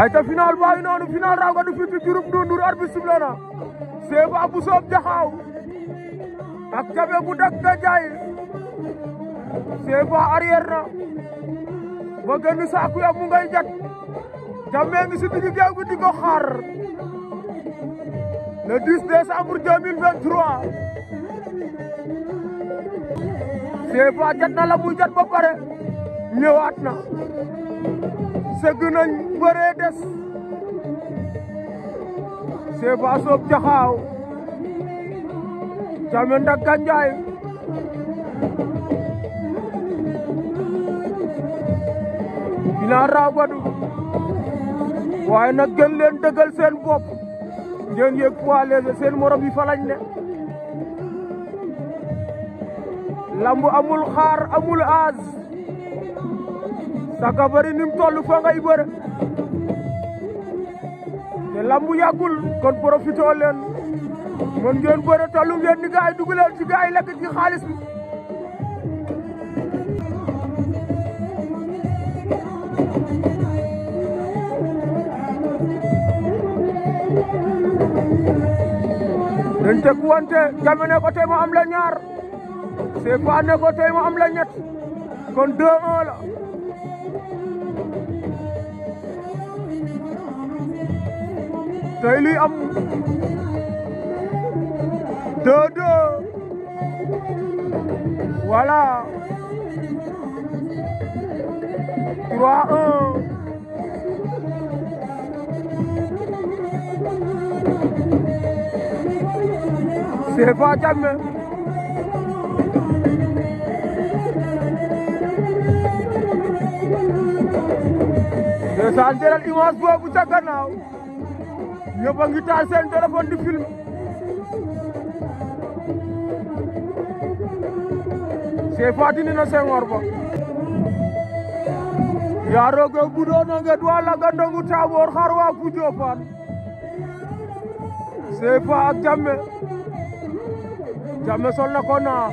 ay ta final baa ngi noonu final raw ga du fiti Diouroup Ndoundour arbitre sifflé na Seeku Abou Soob Jaxaaw ak Cabe bu dak ga jaay Seeku arrière na ba génn saaku ya mu ngay jat Cabe ngi si digg géew gi di ko xaar le 10 décembre 2023 Seeku jat na la muy jat ba pare ñëwaat na sëgg nañ bëree des Sefa Sob Jaxaaw Thiamène Ndak Gandiaye Dina Rabadou waaye nag gën leen dëggal seen bopp ngeen yëg poids léger seen morom yi fa ne lamb amul xaar amul aas Saka Bari ni mu toll foo ngay bëre te lambu yàggul kon profitoo mën ngeen bëre tollu ngeen ni gaay dugg leen ci lekk ci xaalis bi dañ teg wante ne ko tey am la ñaar c'est pas ne ko am la kon 2 la tey luy am deux deux voilà trois un CFA Jammeh de san jëlal image boobu ca gannaaw ñëpp a ngi taal seen téléphone di film c'est fatini na Senghor ba yaarooge gudononge duwa laga ndongu taaboor xar waa Fuuta Faal c'est fa ak Jamme Jamme sol na ko naa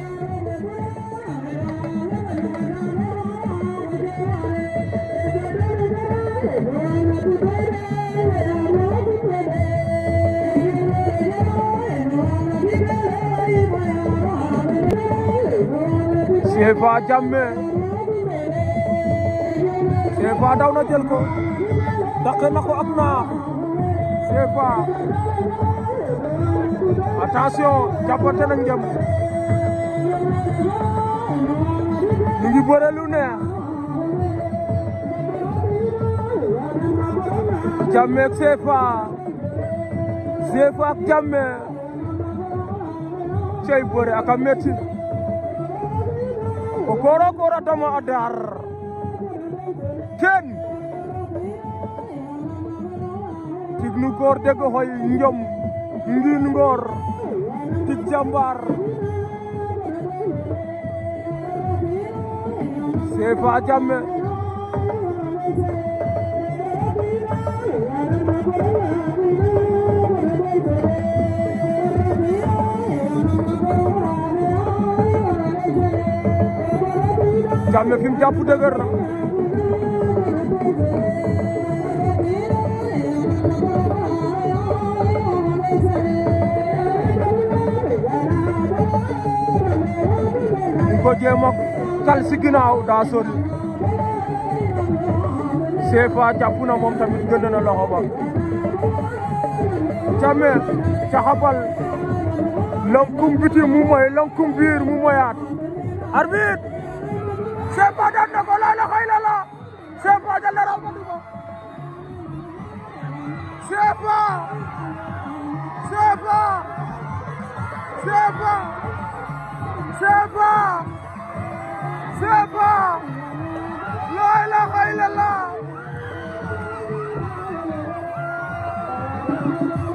Sèfa Jammeh Sèfa daw na jël ko daqe na ko am naax Sèfa attention jàppante na njëm ñu ngi bëre lu neex Jammeh ak Sèfa Sèfa ak Jammeh cey bëre ak a métti ko korakora tamo a dar ten tignu goor dego xoy njom ngin ngoor tig jambar sefa jamme Thiamé fi mu jàpp dëgër na ko jéem kal si ginnaaw daa sori CFA jàpp na moom tamit gën na loxo ba Thiamé caxabal lankum biti mu moy lankum biir mu moyaat arbitre Cheikh Ba daan na ko laa ilaha illallah Cheikh Ba jël na raw ba duma Cheikh Ba Cheikh Ba Cheikh Ba Cheikh Ba Cheikh Ba laa ilaha illallah